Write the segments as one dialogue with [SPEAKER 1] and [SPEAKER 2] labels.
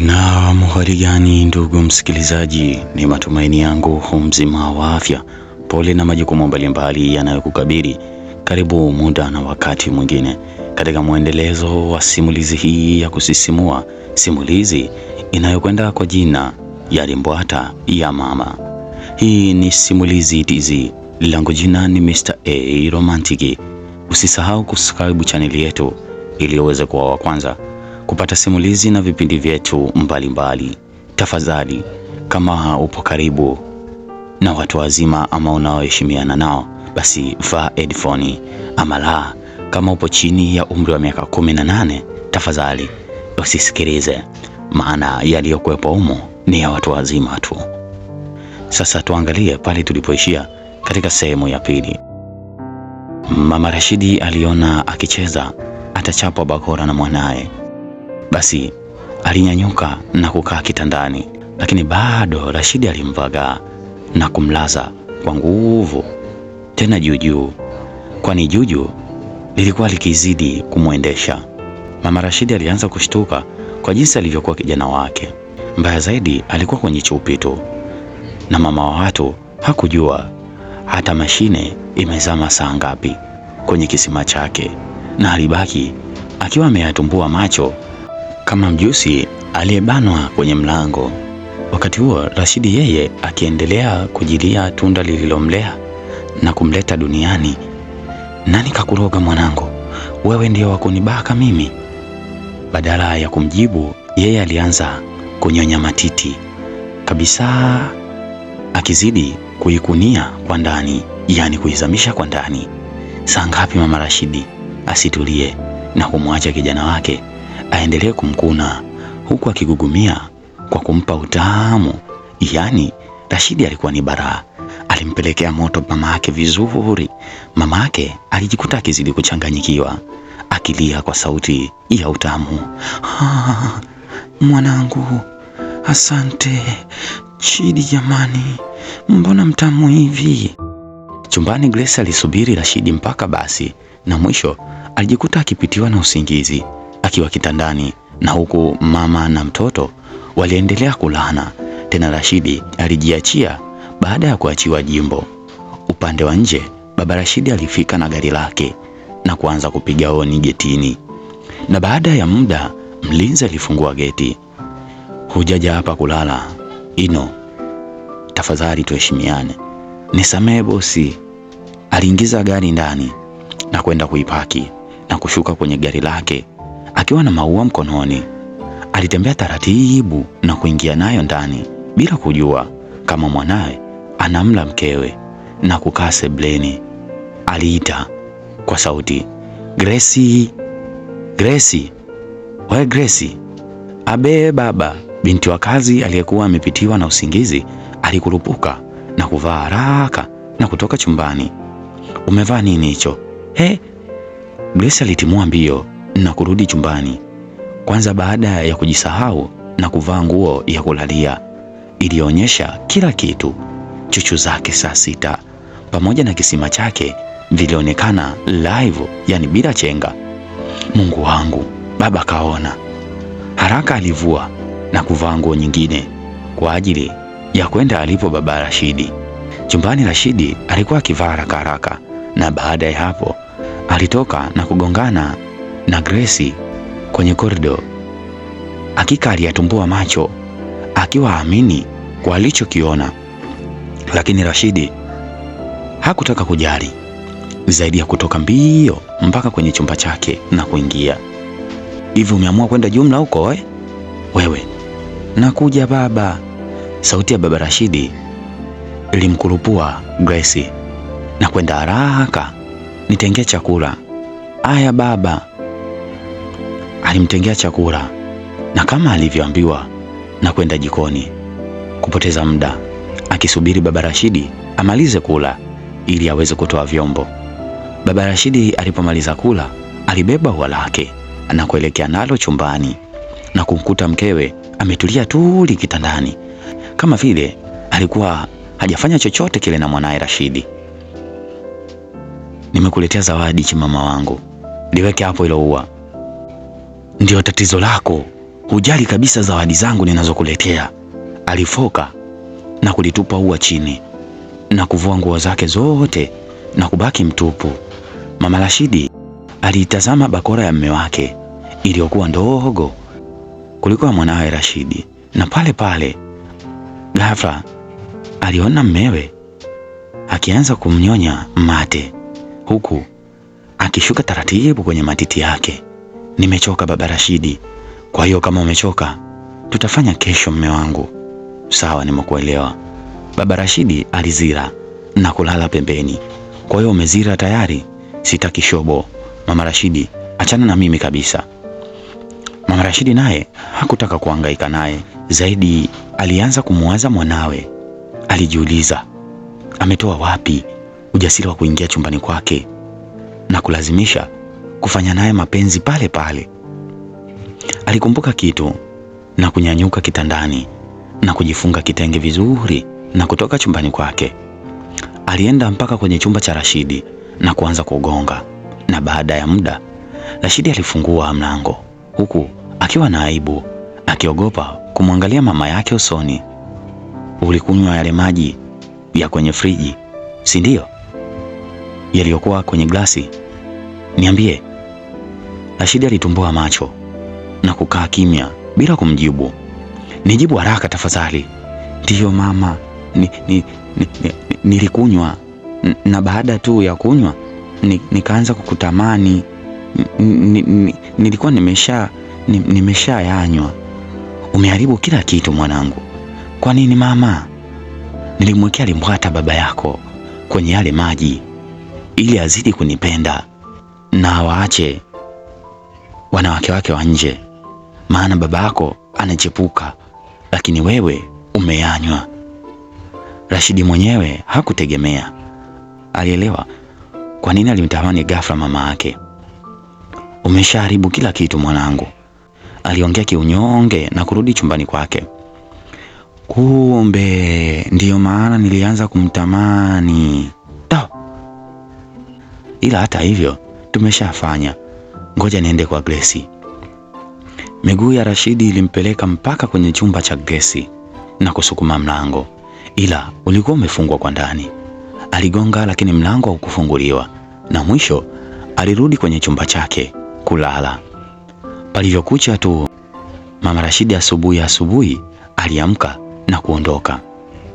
[SPEAKER 1] Naam, habari gani ndugu msikilizaji, ni matumaini yangu humzima wa afya. Pole na majukumu mbalimbali yanayokukabili. Karibu muda na wakati mwingine katika mwendelezo wa simulizi hii ya kusisimua, simulizi inayokwenda kwa jina ya Limbwata ya Mama. Hii ni Simulizi TZ, langu jina ni Mr. A Romantiki. Usisahau kusubscribe chaneli yetu ili uweze kuwa wa kwanza kupata simulizi na vipindi vyetu mbalimbali. Tafadhali, kama upo karibu na watu wazima ama unaoheshimiana nao, basi vaa headphone ama la, kama upo chini ya umri wa miaka 18 tafadhali usisikilize, maana yaliyokuwepo humo ni ya watu wazima tu. Sasa tuangalie pale tulipoishia katika sehemu ya pili. Mama Rashidi aliona akicheza atachapwa bakora na mwanaye basi alinyanyuka na kukaa kitandani, lakini bado Rashidi alimvagaa na kumlaza kwa nguvu tena juu juu, kwani juju lilikuwa likizidi kumwendesha. Mama Rashidi alianza kushtuka kwa jinsi alivyokuwa kijana wake. Mbaya zaidi alikuwa kwenye chupi tu, na mama wa watu hakujua hata mashine imezama saa ngapi kwenye kisima chake, na alibaki akiwa ameyatumbua macho kama mjusi aliyebanwa kwenye mlango. Wakati huo Rashidi yeye akiendelea kujilia tunda lililomlea na kumleta duniani. Nani kakuroga mwanangu? Wewe ndiyo wakunibaka mimi? Badala ya kumjibu yeye alianza kunyonya matiti kabisa, akizidi kuikunia kwa ndani, yaani kuizamisha kwa ndani. Saa ngapi mama Rashidi asitulie na kumwacha kijana wake aendelee kumkuna huku akigugumia kwa kumpa utamu. Yaani Rashidi alikuwa ni baraa, alimpelekea moto mama yake vizuri. Mama yake alijikuta akizidi kuchanganyikiwa, akilia kwa sauti ya utamu, ah, mwanangu, asante Chidi jamani, mbona mtamu hivi? Chumbani Grace alisubiri Rashidi mpaka basi, na mwisho alijikuta akipitiwa na usingizi akiwa kitandani, na huku mama na mtoto waliendelea kulana. Tena Rashidi alijiachia baada ya kuachiwa jimbo. Upande wa nje, baba Rashidi alifika na gari lake na kuanza kupiga honi getini, na baada ya muda mlinzi alifungua geti. Hujaja hapa kulala, Ino, tafadhali tuheshimiane. Nisamehe bosi. Aliingiza gari ndani na kwenda kuipaki na kushuka kwenye gari lake akiwa na maua mkononi. Alitembea taratibu na kuingia nayo ndani bila kujua kama mwanawe anamla mkewe na kukaa sebleni. Aliita kwa sauti, Gresi, Gresi, we Gresi. Abe baba, binti wa kazi aliyekuwa amepitiwa na usingizi alikurupuka na kuvaa haraka na kutoka chumbani. Umevaa nini hicho? He, Gresi alitimua mbio na kurudi chumbani kwanza baada ya kujisahau na kuvaa nguo ya kulalia iliyoonyesha kila kitu. Chuchu zake saa sita pamoja na kisima chake vilionekana live, yani bila chenga. Mungu wangu, baba kaona. Haraka alivua na kuvaa nguo nyingine kwa ajili ya kwenda alipo baba Rashidi. Chumbani Rashidi alikuwa akivaa haraka haraka, na baada ya hapo alitoka na kugongana na Grace kwenye korido. Hakika aliyatumbua macho akiwa amini kwa alichokiona, lakini Rashidi hakutaka kujali zaidi ya kutoka mbio mpaka kwenye chumba chake na kuingia. Hivi umeamua kwenda jumla huko eh? Wewe nakuja baba. Sauti ya baba Rashidi ilimkurupua Grace na kwenda haraka, nitengee chakula. Aya baba alimtengea chakula na kama alivyoambiwa na kwenda jikoni kupoteza muda akisubiri baba Rashidi amalize kula ili aweze kutoa vyombo. Baba Rashidi alipomaliza kula alibeba ua lake na kuelekea nalo chumbani na kumkuta mkewe ametulia tuli kitandani kama vile alikuwa hajafanya chochote kile na mwanaye Rashidi. Nimekuletea zawadi, chimama wangu, liweke hapo ilo ua Ndiyo tatizo lako, hujali kabisa zawadi zangu ninazokuletea. Alifoka na kulitupa ua chini na kuvua nguo zake zote na kubaki mtupu. Mama Rashidi aliitazama bakora ya mme wake iliyokuwa ndogo kuliko ya mwanawe Rashidi, na pale pale ghafla aliona mmewe akianza kumnyonya mate huku akishuka taratibu kwenye matiti yake. Nimechoka baba Rashidi, kwa hiyo kama umechoka tutafanya kesho, mme wangu. Sawa, nimekuelewa. Baba Rashidi alizira na kulala pembeni. Kwa hiyo umezira tayari? Sitaki shobo, mama Rashidi, achana na mimi kabisa. Mama Rashidi naye hakutaka kuhangaika naye zaidi, alianza kumwaza mwanawe. Alijiuliza ametoa wapi ujasiri wa kuingia chumbani kwake na kulazimisha kufanya naye mapenzi pale pale. Alikumbuka kitu na kunyanyuka kitandani na kujifunga kitenge vizuri na kutoka chumbani kwake. Alienda mpaka kwenye chumba cha Rashidi na kuanza kugonga, na baada ya muda Rashidi alifungua mlango huku akiwa na aibu, akiogopa kumwangalia mama yake usoni. Ulikunywa yale maji ya kwenye friji, si ndio? Yaliyokuwa kwenye glasi. Niambie, Rashidi alitumbua macho na kukaa kimya bila kumjibu. Nijibu haraka tafadhali. Ndiyo mama, ni, ni, ni, ni, nilikunywa na baada tu ya kunywa ni, nikaanza kukutamani. Ni, ni, nilikuwa nimesha ni, nimesha yanywa. Umeharibu kila kitu mwanangu. Kwa nini mama? Nilimwekea limbwata baba yako kwenye yale maji ili azidi kunipenda na awaache wanawake wake wa nje, maana baba yako anachepuka, lakini wewe umeyanywa. Rashidi mwenyewe hakutegemea, alielewa kwa nini alimtamani ghafla mama yake. Umeshaharibu kila kitu mwanangu, aliongea kiunyonge na kurudi chumbani kwake. Kumbe ndiyo maana nilianza kumtamani to, ila hata hivyo tumeshafanya ngoja niende kwa Grace. Miguu ya Rashidi ilimpeleka mpaka kwenye chumba cha Grace na kusukuma mlango, ila ulikuwa umefungwa kwa ndani. Aligonga lakini mlango haukufunguliwa, na mwisho alirudi kwenye chumba chake kulala. Palivyokucha tu, mama Rashidi asubuhi asubuhi aliamka na kuondoka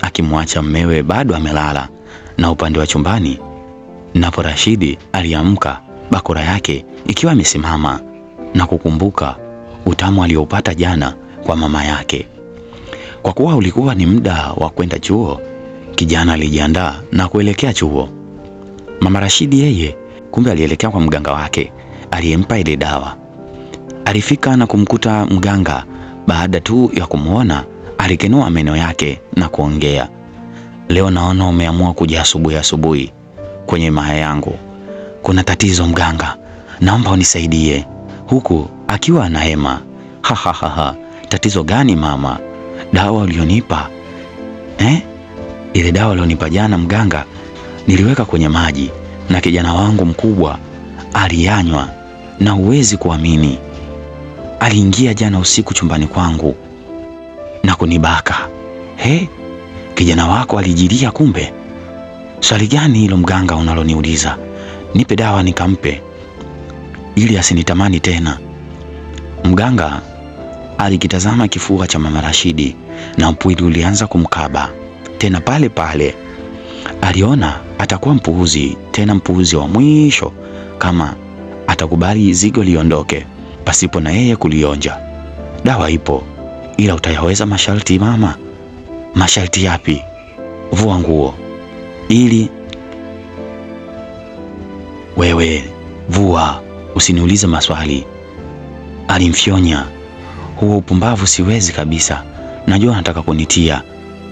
[SPEAKER 1] akimwacha mmewe bado amelala, na upande wa chumbani napo Rashidi aliamka bakora yake ikiwa imesimama na kukumbuka utamu aliopata jana kwa mama yake. Kwa kuwa ulikuwa ni muda wa kwenda chuo, kijana alijiandaa na kuelekea chuo. Mama Rashidi yeye kumbe alielekea kwa mganga wake aliyempa ile dawa. Alifika na kumkuta mganga, baada tu ya kumwona alikenua meno yake na kuongea, leo naona umeamua kuja asubuhi asubuhi kwenye maya yangu kuna tatizo mganga, naomba unisaidie, huku akiwa anahema. ha. tatizo gani mama? Dawa ulionipa eh? Ile dawa ulionipa jana mganga, niliweka kwenye maji na kijana wangu mkubwa aliyanywa, na huwezi kuamini, aliingia jana usiku chumbani kwangu na kunibaka. He, kijana wako alijilia kumbe? Swali gani hilo mganga unaloniuliza? nipe dawa nikampe ili asinitamani tena. Mganga alikitazama kifua cha mama Rashidi na upwili ulianza kumkaba tena pale pale. Aliona atakuwa mpuuzi, tena mpuuzi wa mwisho, kama atakubali zigo liondoke pasipo na yeye kulionja. Dawa ipo, ila utayaweza masharti mama. Masharti yapi? Vua nguo ili wewe vua, usiniulize maswali, alimfyonya. Huo upumbavu siwezi kabisa, najua nataka kunitia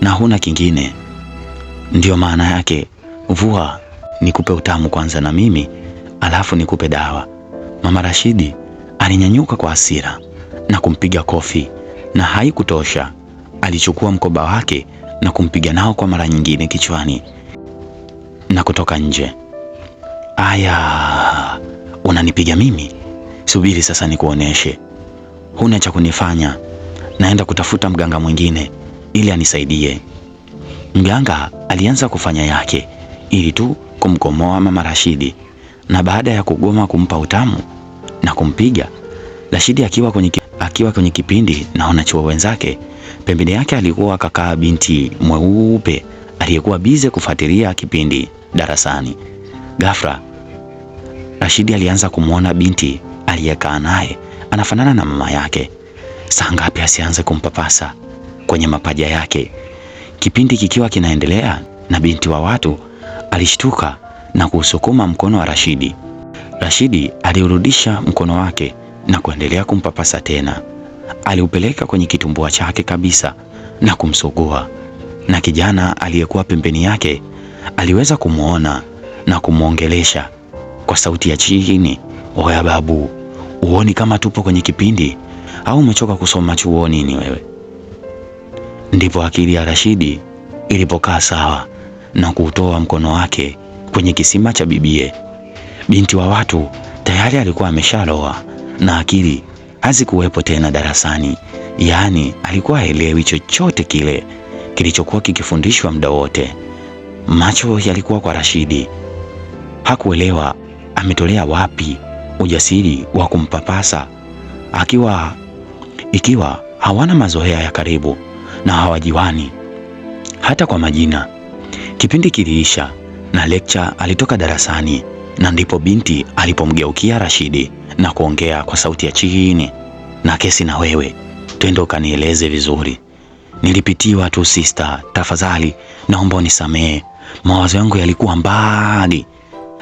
[SPEAKER 1] na huna kingine. Ndiyo maana yake vua, nikupe utamu kwanza na mimi alafu nikupe dawa. Mama Rashidi alinyanyuka kwa hasira na kumpiga kofi, na haikutosha alichukua mkoba wake na kumpiga nao kwa mara nyingine kichwani na kutoka nje. Aya, unanipiga mimi? Subiri sasa nikuoneshe. Huna cha kunifanya, naenda kutafuta mganga mwingine ili anisaidie. Mganga alianza kufanya yake ili tu kumkomoa mama Rashidi, na baada ya kugoma kumpa utamu na kumpiga Rashidi akiwa kwenye, akiwa kwenye kipindi na wanachuo wenzake, pembeni yake alikuwa kakaa binti mweupe aliyekuwa bize kufuatilia kipindi darasani. Ghafla Rashidi alianza kumwona binti aliyekaa naye anafanana na mama yake. Saa ngapi asianze kumpapasa kwenye mapaja yake? Kipindi kikiwa kinaendelea, na binti wa watu alishtuka na kuusukuma mkono wa Rashidi. Rashidi aliurudisha mkono wake na kuendelea kumpapasa tena. Aliupeleka kwenye kitumbua chake kabisa na kumsugua, na kijana aliyekuwa pembeni yake aliweza kumwona na kumwongelesha kwa sauti ya chini, oya babu, uoni kama tupo kwenye kipindi au umechoka kusoma chuo nini wewe? Ndipo akili ya Rashidi ilipokaa sawa na kuutoa mkono wake kwenye kisima cha bibie. Binti wa watu tayari alikuwa ameshaloa na akili hazikuwepo tena darasani, yaani alikuwa haelewi chochote kile kilichokuwa kikifundishwa muda wote. Macho yalikuwa kwa Rashidi, hakuelewa ametolea wapi ujasiri wa kumpapasa akiwa ikiwa hawana mazoea ya karibu na hawajiwani hata kwa majina. Kipindi kiliisha na lecture alitoka darasani, na ndipo binti alipomgeukia Rashidi na kuongea kwa sauti ya chini, na kesi na wewe twende ukanieleze vizuri. Nilipitiwa tu sister, tafadhali naomba unisamehe, mawazo yangu yalikuwa mbali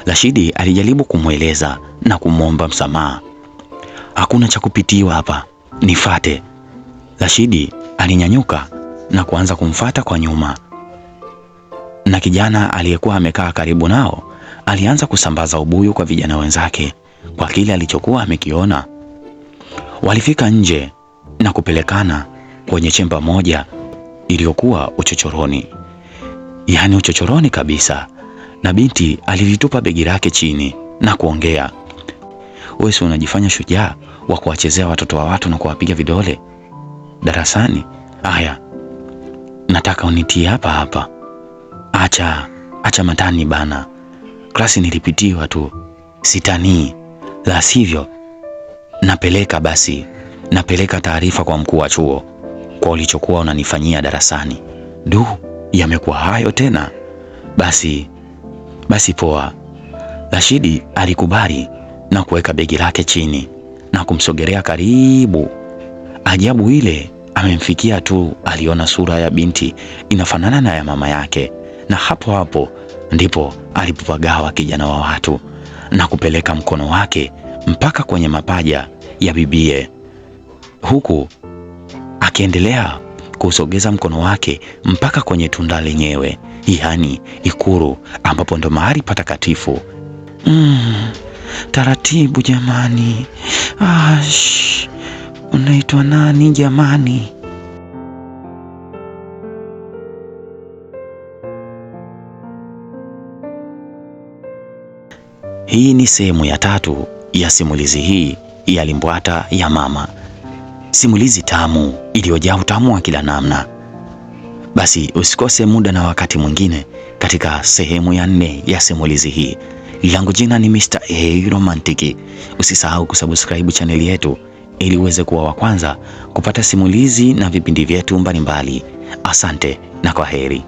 [SPEAKER 1] Rashidi alijaribu kumweleza na kumwomba msamaha. Hakuna cha kupitiwa hapa, nifate. Rashidi alinyanyuka na kuanza kumfata kwa nyuma, na kijana aliyekuwa amekaa karibu nao alianza kusambaza ubuyu kwa vijana wenzake kwa kile alichokuwa amekiona. Walifika nje na kupelekana kwenye chemba moja iliyokuwa uchochoroni, yaani uchochoroni kabisa na binti alilitupa begi lake chini na kuongea, wewe si unajifanya shujaa wa kuwachezea watoto wa watu na kuwapiga vidole darasani? Haya, nataka unitie hapa hapa. Acha acha matani bana, klasi nilipitiwa tu, sitanii. La sivyo napeleka basi, napeleka taarifa kwa mkuu wa chuo kwa ulichokuwa unanifanyia darasani. Du, yamekuwa hayo tena? Basi basi poa. Rashidi alikubali na kuweka begi lake chini na kumsogelea karibu. Ajabu ile amemfikia tu, aliona sura ya binti inafanana na ya mama yake, na hapo hapo ndipo alipopagawa kijana wa watu na kupeleka mkono wake mpaka kwenye mapaja ya bibie, huku akiendelea kusogeza mkono wake mpaka kwenye tunda lenyewe, yaani ikuru, ambapo ndo mahali patakatifu. Mm, taratibu jamani. Ash, unaitwa nani jamani? Hii ni sehemu ya tatu ya simulizi hii ya Limbwata ya Mama simulizi tamu iliyojaa utamu wa kila namna. Basi usikose muda na wakati mwingine katika sehemu ya nne ya simulizi hii. Langu jina ni Mr. A Romantic. Usisahau kusubscribe chaneli yetu ili uweze kuwa wa kwanza kupata simulizi na vipindi vyetu mbalimbali. Asante na kwa heri.